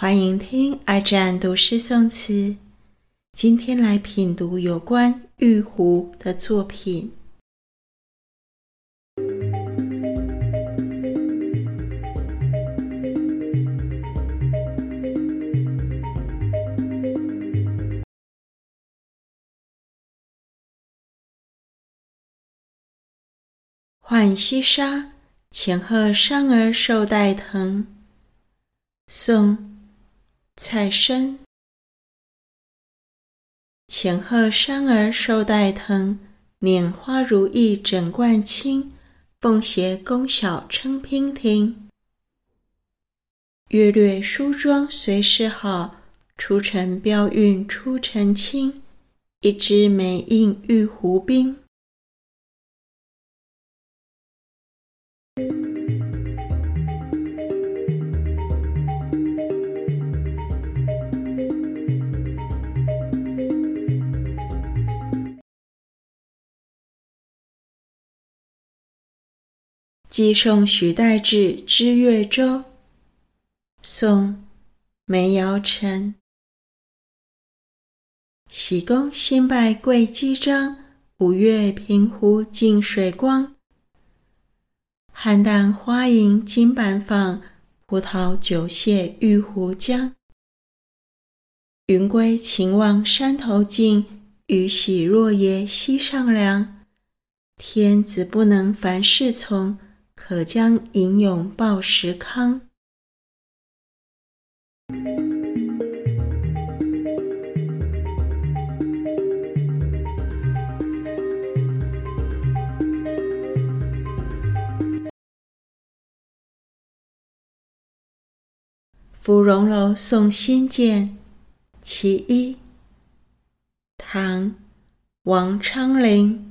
歡迎聽愛佔讀詩宋詞，今天來品讀有關玉壺的作品。《浣溪沙》淺褐衫兒壽帶藤，宋。蔡伸，淺褐衫兒壽帶藤，碾花如意枕冠輕，鳳鞋弓小稱娉婷。約略梳妝隨事好，出塵標韻出塵清，一枝梅映玉壺冰。寄送許待制知越州，宋，梅堯臣。喜公新拜會稽章，五月平湖鏡水光。菡萏花迎金板舫，葡萄酒瀉玉壺漿。雲歸秦望山頭靜，雨洗若耶溪上涼。天子不能煩侍從。可將吟詠報時康。《芙蓉樓送辛漸其一》，唐·王昌齡。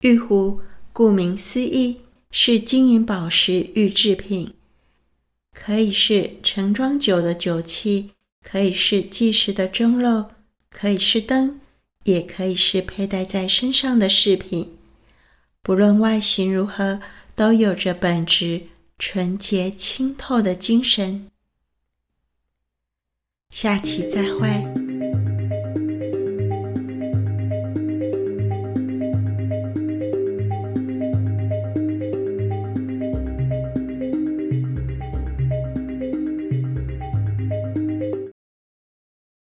玉壺，顧名思義，是金銀寶石玉制品，可以是盛裝酒的酒器，可以是計時的鐘漏，可以是燈，也可以是佩戴在身上的飾品。不論外形如何，都有着本質純潔清透的精神。下期再會。嗯。